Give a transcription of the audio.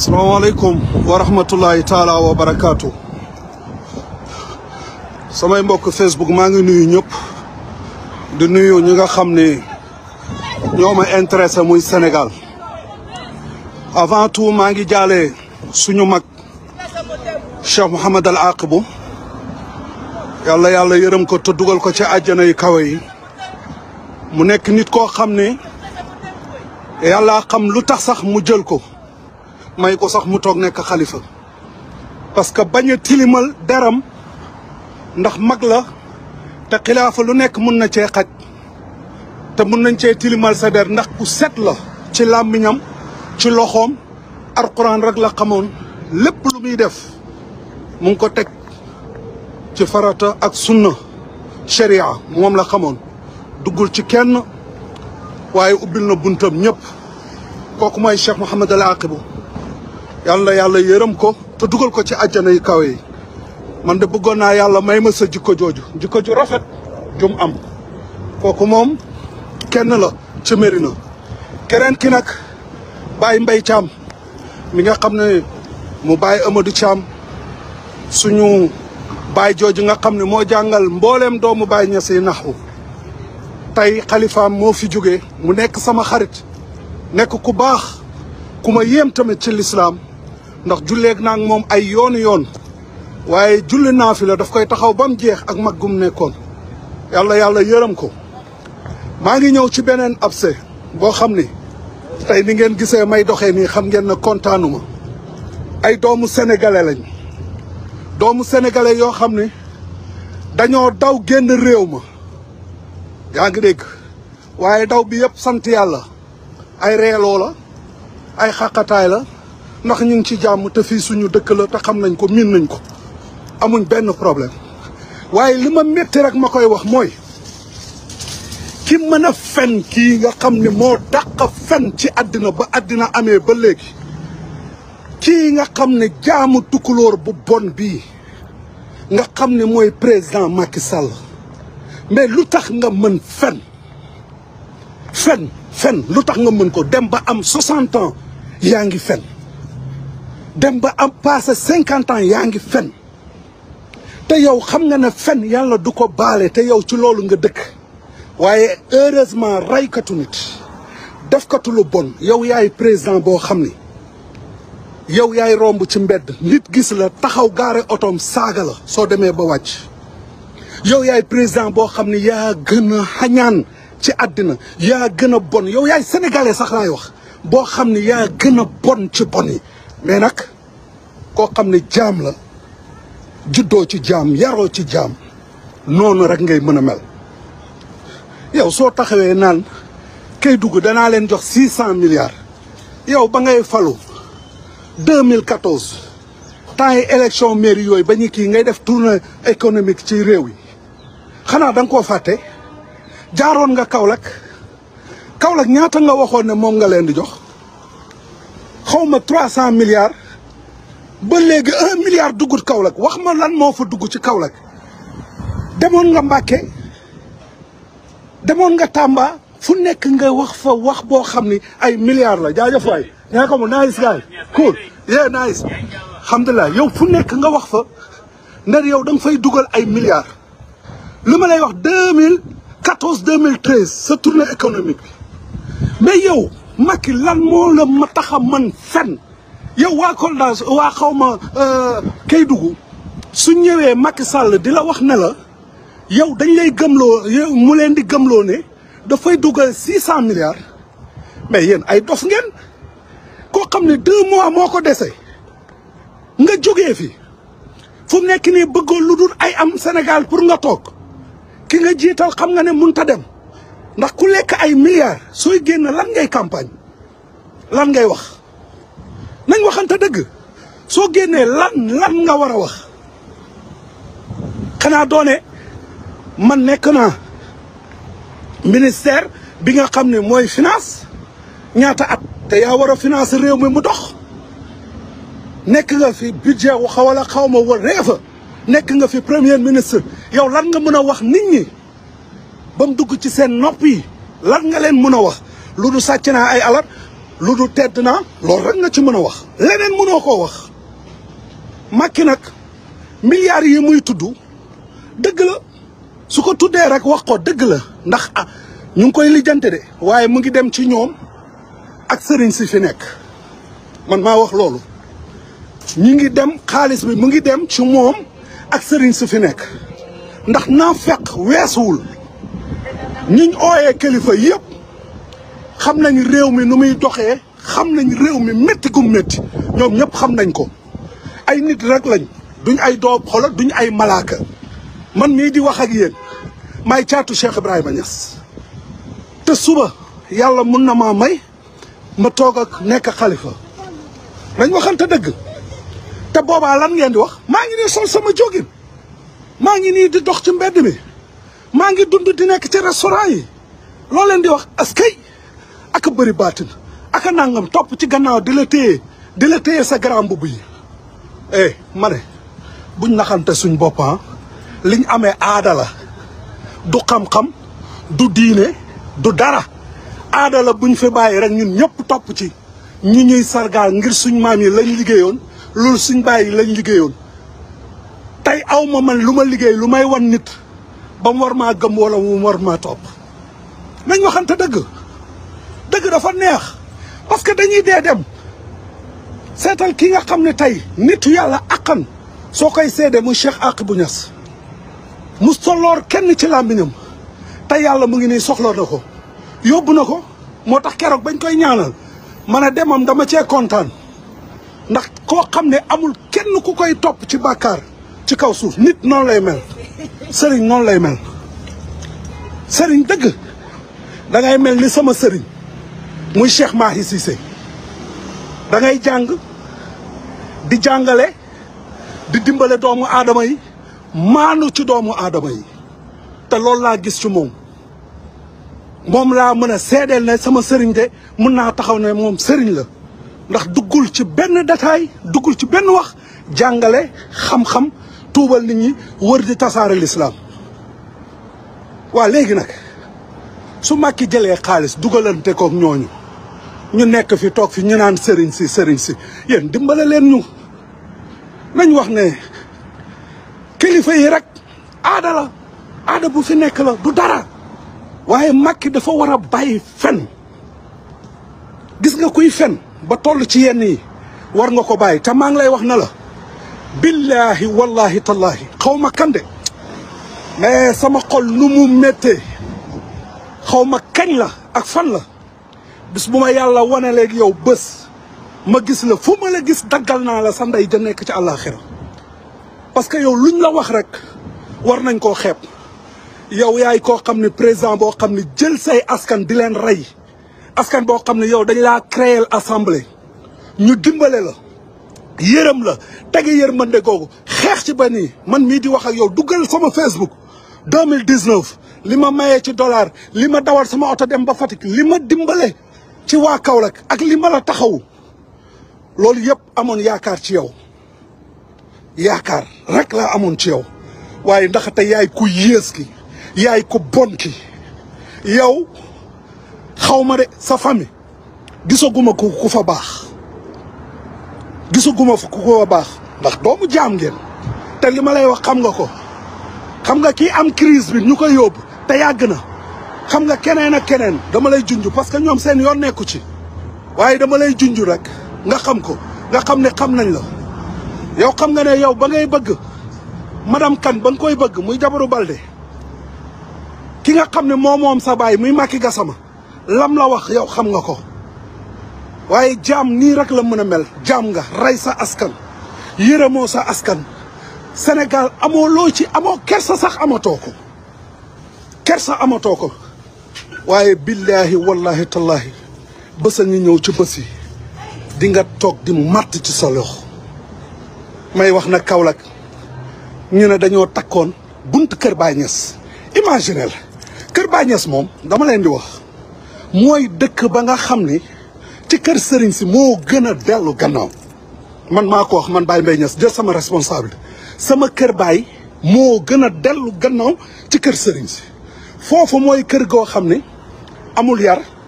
Assalamu alaikum wa taala wa barakaatu samay mbokk Facebook maa ngi nuyu ñëpp di nuyu ñi nga xam ne ñooma ma muy Sénégal avant tout maa ngi jaale suñu mag Cheikh Mouhamed Al Aqbu yàlla yàlla yërëm ko te dugal ko ci àjjana yi kawe yi mu nekk nit koo xam ne yàlla xam lu tax sax mu jël ko may ko sax mu toog nekk xalifa parce que bañ a tilimal deram ndax mag la te xilaafa lu nekk mun na cee xaj te mun nañ cee tilimal sa der ndax ku set la ci làmmiñam ci loxoom alquran rek la xamoon lépp lu muy def mu ngi ko teg ci farata ak sunna sharia moom la xamoon duggul ci kenn waaye ubbil na buntam ñëpp kooku may Cheikh Mouhamed Al Aaqibou yàlla yàlla yërëm ko te dugal ko ci àjjana yu kawe yi man de bëggoon naa yàlla may ma sa jikko jooju jikko ju rafet jum am kooku moom kenn la ci Médina keneen ki nag Baye mbay caam mi nga xam ne mu Baye Amadou Thiam suñu baay jooju nga xam ne moo jàngal mbooleem doomu Baye Niass yi tey xalifaam moo fi jóge mu nekk sama xarit nekk ku baax ku ma yéem tamit ci lislaam ndax julleeg naa moom ay yoonu yoon waaye julli naa la daf koy taxaw ba mu jeex ak mag gum nekkoon yàlla yàlla yërëm ko maa ngi ñëw ci beneen abcès boo xam ni tey ni ngeen gisee may doxee nii xam ngeen ne kontaanuma ay doomu sénégalais lañ doomu sénégalais yoo xam ne dañoo daw génn réew ma yaa ngi dégg waaye daw bi yëpp sant yàlla ay reeloo la ay xaqataay la ndax ñu ngi ci jàmm te fii suñu dëkk la te xam nañ ko miin nañ ko amuñ benn problème waaye li ma métti rek ma koy wax mooy ki mën a fen kii nga xam ne moo dàq fen ci àddina ba àddina amee ba léegi kii nga xam ne jaamu tukulóor bu bon bii nga xam ne mooy président Macky Sall mais lu tax nga mën fen fen fen lu tax nga mën ko dem ba am 60 ans yaa ngi fen dem ba am paase cinquante ans yaa ngi fen te yow xam nga ne fen yàlla du ko baale te yow ci loolu nga dëkk waaye heureusement raykatu nit defkatu lu bon yow yaay président boo xam ni yow yaay romb ci mbedd nit gis la taxaw gaare otoom saaga la soo demee ba wàcc yow yaay président boo xam ne yaa gën a xañaan ci àddina yaa gën a bon yow yaay sénégalais sax laay wax boo xam ne yaa gën a bon ci bon yi mais nag koo xam ne jaam la juddoo ci jaam yaroo ci jaam noonu rek ngay mën a mel yow soo taxawee naan kay dugg danaa leen jox six cent milliards yow ba ngay falu 2014 temps yi élection mairie yooyu ba ñu kii ngay def tournée économique ci réew yi xanaa da nga koo fàtte jaaroon nga kawlek Kaolack ñaata nga waxoon ne moom nga leen di jox xaw ma trois cent milliards ba léegi un milliard duggut Kaolack wax ma lan moo fa dugg ci Kaolack demoon nga Mbàkke demoon nga tàmba fu nekk nga wax fa wax boo xam ni ay milliards la jaajëf waay ñaa ko mu nice guy cool yeah nice alhamdulilah yow fu nekk nga wax fa ndar yow da fay dugal ay milliards lu ma lay wax deux mille quatorze deux mille treize sa tournée économique mais yow Macky lan moo la ma tax man mën fenn yow waa Kolda waa xaw ma euh, Kédougou su ñëwee Macky Sall di la wax ne la yow dañ lay gëmloo yow mu leen di gëmloo ne dafay dugal six cent milliards mais yéen ay dof ngeen koo xam ne deux mois moo ko dese nga jóge fi fu nekk nii bëggoo lu dul ay am Sénégal pour nga toog ki nga jiital xam nga ne mun dem ndax ku lekk ay milliards sooy génn lan ngay campagne lan ngay wax nañ waxante dëgg soo génnee lan lan nga war a wax xanaa doone man nekk naa ministère bi nga xam ne mooy finance ñaata at te yaa war a finance réew mi mu dox nekk nga fi budget wu xaw wala xaw ma war fa nekk nga fi premier ministre yow lan nga mën a wax nit ñi ba mu dugg ci seen nopp yi lan nga leen mën a wax lu du sàcc naa ay alal lu du tedd naa loolu rek nga ci mën a wax leneen mënoo koo wax Macky nag milliards yi muy tudd dëgg la su ko tuddee rek wax ko dëgg la ndax ah ñu ngi koy lijjante de waaye mu ngi dem ci ñoom ak sëriñ si fi nekk man maa wax loolu ñu ngi dem xaalis bi mu ngi dem ci moom ak sëriñ si fi nekk ndax naa fekk weesuwul ñiñ ooyee kilifa yëpp xam nañ réew mi nu muy doxee xam nañ réew mi métti gu métti ñoom ñëpp xam nañ ko ay nit rekk lañ duñ ay doom xolo duñ ay malaaka man mii di wax ak yéen maay caatu Cheikh Ibrahima Niass te suba yàlla mun na maa may ma toog ak nekk xalifa dañ waxante dëgg te boobaa lan ngeen di wax maa ngi nii sol sama jógin maa ngi nii di dox ci mbedd mi maa ngi dund di nekk ci restaurant yi loo leen di wax askay ak a bëri baatin ak a nangam topp ci gannaaw di la téye di la téye sa grand mbubb yi eh ma buñ naxante suñ boppam ah, liñ amee aadala la du xam-xam du diine du dara aadala la buñ fi bàyyi rek ñun ñëpp topp ci ñi ñuy sargaal ngir suñ maam yi lañ liggéeyoon loolu suñ bàyyi lañ liggéeyoon tey aw ma man lu ma liggéey lu may wan nit ba mu war maa gëm wala mu war maa topp nañ waxante dëgg dëgg dafa neex parce que dañuy dee dem seetal ki nga xam ne tey nitu yàlla aqan soo koy seede mu Cheikh Aqibou Niass mu soloor kenn ci làmmiñam te yàlla mu ngi ne soxla na ko yóbbu na ko moo tax keroog bañ koy ñaanal man a demam dama cee kontaan ndax koo xam ne amul kenn ku koy topp ci bàkkaar ci kaw suuf nit noonu lay mel sëriñ noonu lay mel sëriñ dëgg dangay mel ni sama sëriñ muy Cheikh Mahi dangay jàng di jàngale di dimbale doomu aadama yi maanu ci doomu aadama yi te loolu laa gis ci moom moom laa mën a seedeel ne sama sëriñ de mën naa taxaw ne moom sëriñ la ndax duggul ci benn détail duggul ci benn wax jàngale xam-xam tuubal ni ñi wër di tasaare lislaam waa léegi nag su Macky jëlee xaalis dugalante kook ñooñu ñu nekk fi toog fi ñu naan sëriñ si sëriñ si yéen dimbale leen ñu nañ wax ne kilifa yi rek aada aada bu fi nekk la du dara waaye makki dafa war a bàyyi fen gis nga kuy fen ba toll ci yenn yi war nga ko bàyyi te maa ngi lay wax na la billaahi wallaahi tallaahi xaw ma kan de mais sama xol nu mu méttee xaw ma kañ la ak fan la bis bu ma yàlla wane léegi yow bés ma gis la fu ma la gis daggal naa la sa ndey ja nekk ci àllaaxira parce que yow luñ la wax rek war nañ koo xeeb yow yaay koo xam ne président boo xam ne jël say askan di leen rey askan boo xam ne yow dañ laa créer assemblée ñu dimbale la yërëm la tege yërmande googu xeex ci ba nii man mii di wax ak yow duggal sama Facebook 2019 li ma mayee ci dollar li ma dawal sama oto dem ba Fatick li ma dimbale ci waa Kaolack ak li ma la taxawu loolu yëpp amoon yaakaar ci yow yaakaar rek laa amoon ci yow waaye te yaay ku yées ki yaay ku bon ki yow xaw ma de sa famille gisaguma ko ku fa baax gisaguma fu ku ko baax ndax doomu jaam ngeen te li ma lay wax xam nga ko xam nga kii am crise bi ñu koy yóbbu te yàgg na xam nga keneen ak keneen dama lay junj parce que ñoom seen yoon nekku ci waaye dama lay junj rek nga xam ko nga xam ne xam nañ la yow xam nga ne yow ba ngay bëgg madame kan ba nga koy bëgg muy jabaru Balde ki nga xam ne moo moom sa baay muy Macky Gassama lam la wax yow xam nga ko waaye jaam nii rek la mën a mel jaam nga rey sa askan yërëmoo sa askan Sénégal amoo loo ci amoo kersa sax amatoo ko kersa amatoo ko waaye billaahi wallaahi tallaahi ba sañu ñëw ci bés yi di nga toog di màtt ci sa loxo may wax na Kaolack ñu ne dañoo takkoon bunt Kër Baay Ñas imagine la Kër Baay Ñas moom dama leen di wax mooy dëkk ba nga xam ni ci kër sëriñ si moo gën a dellu gannaaw man maa ko wax man Baye Mbaye Niass jël sama responsable sama kër baay moo gën a dellu gannaaw ci kër sëriñ si foofu mooy kër goo xam ne amul yar